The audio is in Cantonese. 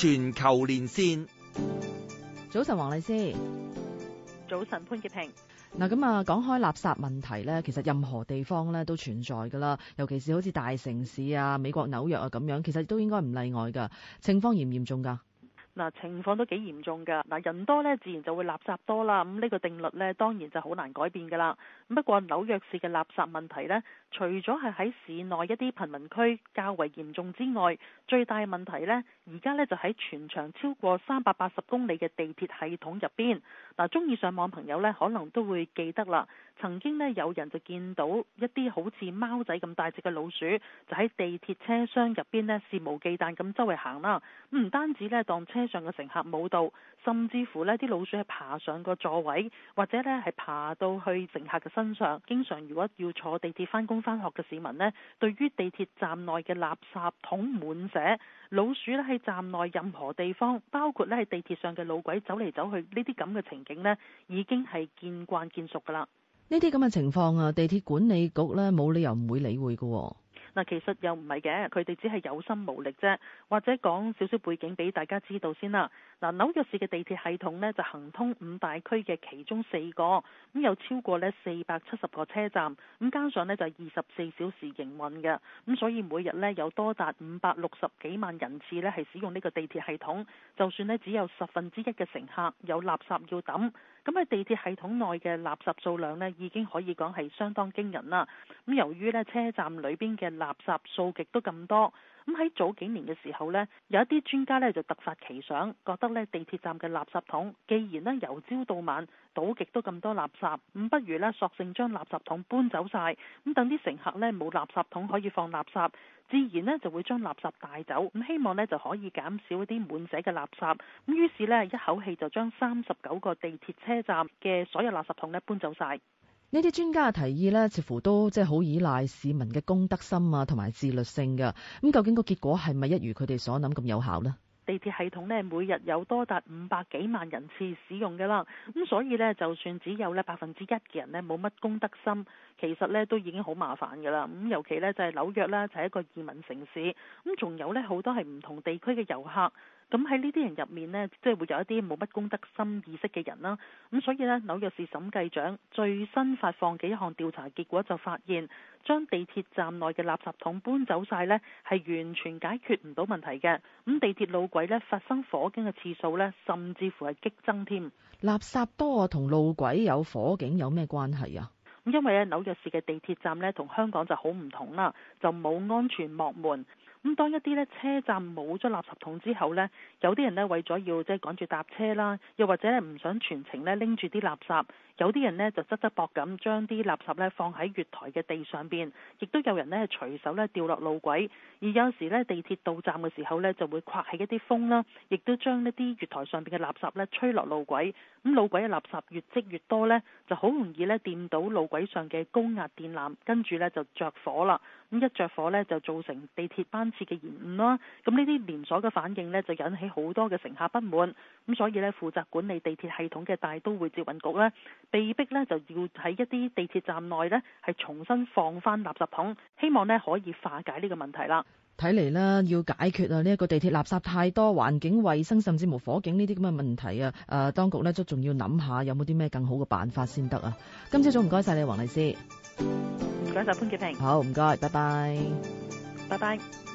全球連線，早晨，黃麗施，早晨，潘潔平。嗱，咁啊，講開垃圾問題咧，其實任何地方咧都存在噶啦，尤其是好似大城市啊，美國紐約啊咁樣，其實都應該唔例外噶。情況嚴唔嚴重噶？嗱，情況都幾嚴重㗎。嗱，人多咧，自然就會垃圾多啦。咁、這、呢個定律咧，當然就好難改變㗎啦。不過紐約市嘅垃圾問題呢，除咗係喺市內一啲貧民區較為嚴重之外，最大問題呢，而家呢就喺全長超過三百八十公里嘅地鐵系統入邊。嗱，中意上網朋友呢，可能都會記得啦。曾經有人就見到一啲好似貓仔咁大隻嘅老鼠，就喺地鐵車廂入邊咧，肆無忌憚咁周圍行啦。唔單止咧，當車上嘅乘客冇到，甚至乎呢啲老鼠係爬上個座位，或者呢係爬到去乘客嘅身上。經常如果要坐地鐵返工返學嘅市民呢，對於地鐵站內嘅垃圾桶滿瀉，老鼠呢喺站內任何地方，包括呢喺地鐵上嘅路軌走嚟走去呢啲咁嘅情景呢，已經係見慣見熟㗎啦。呢啲咁嘅情況啊，地鐵管理局呢冇理由唔會理會嘅。嗱，其實又唔係嘅，佢哋只係有心無力啫。或者講少少背景俾大家知道先啦。嗱，紐約市嘅地鐵系統呢，就行通五大區嘅其中四個，咁有超過呢四百七十個車站，咁加上呢就二十四小時營運嘅，咁所以每日呢，有多達五百六十幾萬人次呢係使用呢個地鐵系統。就算呢只有十分之一嘅乘客有垃圾要抌。咁喺地鐵系統內嘅垃圾數量咧，已經可以講係相當驚人啦。咁由於咧車站裏邊嘅垃圾數亦都咁多。咁喺早幾年嘅時候呢，有一啲專家呢就突發奇想，覺得呢地鐵站嘅垃圾桶，既然呢由朝到晚倒極都咁多垃圾，咁不如呢索性將垃圾桶搬走晒。咁等啲乘客呢冇垃圾桶可以放垃圾，自然呢就會將垃圾帶走，咁希望呢就可以減少一啲滿瀉嘅垃圾。咁於是呢，一口氣就將三十九個地鐵車站嘅所有垃圾桶呢搬走晒。呢啲專家嘅提議呢，似乎都即係好依賴市民嘅公德心啊，同埋自律性㗎。咁究竟個結果係咪一如佢哋所諗咁有效呢？地鐵系統呢，每日有多達五百幾萬人次使用㗎喇，咁所以呢，就算只有呢百分之一嘅人呢，冇乜公德心，其實呢都已經好麻煩噶啦。咁尤其呢，就係紐約呢就係一個移民城市，咁仲有呢，好多係唔同地區嘅遊客。咁喺呢啲人入面呢，即係會有一啲冇乜公德心意識嘅人啦。咁所以呢，紐約市審計長最新發放嘅一項調查結果就發現，將地鐵站內嘅垃圾桶搬走晒呢，係完全解決唔到問題嘅。咁地鐵路軌呢，發生火警嘅次數呢，甚至乎係激增添。垃圾多啊，同路軌有火警有咩關係啊？咁因為呢，紐約市嘅地鐵站呢，同香港就好唔同啦，就冇安全幕門。咁當一啲咧車站冇咗垃圾桶之後呢，有啲人呢為咗要即係趕住搭車啦，又或者咧唔想全程呢拎住啲垃圾，有啲人呢就側側膊咁將啲垃圾呢放喺月台嘅地上邊，亦都有人呢隨手呢掉落路軌。而有時呢，地鐵到站嘅時候呢就會刮起一啲風啦，亦都將一啲月台上邊嘅垃圾呢吹落路軌。咁路軌嘅垃圾越積越多呢，就好容易呢掂到路軌上嘅高壓電纜，跟住呢就着火啦。咁一着火呢，就造成地鐵班次嘅延誤啦，咁呢啲連鎖嘅反應呢，就引起好多嘅乘客不滿。咁所以呢，負責管理地鐵系統嘅大都會捷運局呢，被逼呢，就要喺一啲地鐵站內呢，係重新放翻垃圾桶，希望呢，可以化解呢個問題啦。睇嚟呢，要解決啊呢一個地鐵垃圾太多、環境衛生甚至乎火警呢啲咁嘅問題啊，誒、呃，當局呢，都仲要諗下有冇啲咩更好嘅辦法先得啊。今朝早唔該晒你，黃麗施。唔該晒潘潔平。好，唔該，拜拜。拜拜。